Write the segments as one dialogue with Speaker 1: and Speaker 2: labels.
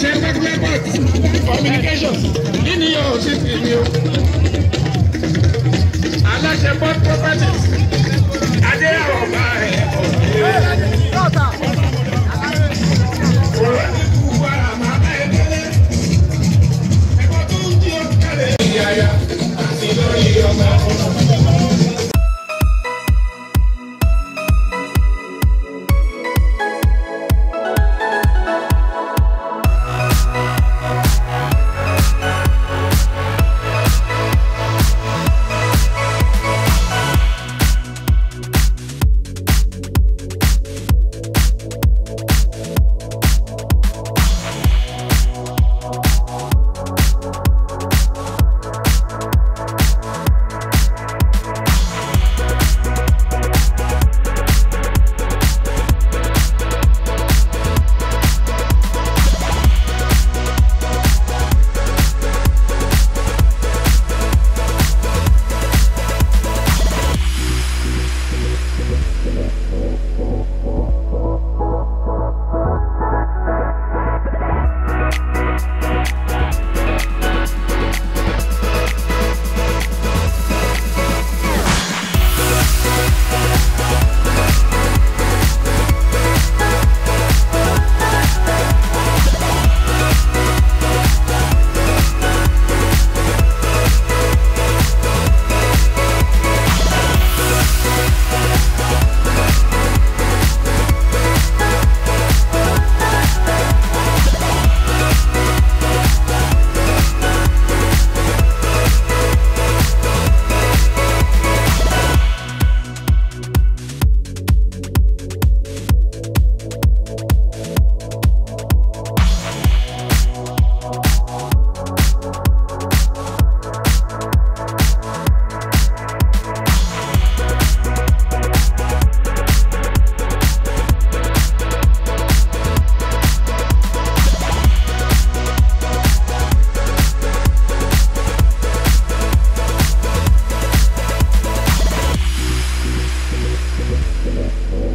Speaker 1: ṣe ń gbẹ́gbẹ́ bọ̀ communication kí ni yóò ṣe fi mi o.
Speaker 2: Yeah.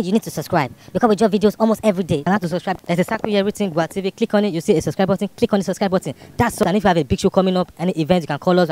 Speaker 2: definitely you need to subscribe because we drop videos almost every day. And how to subscribe? There's a circle here written Gua TV. Click on it. You see a subscribe button. Click on the subscribe button. That's all. And if you have a big show coming up, any event, you can call us.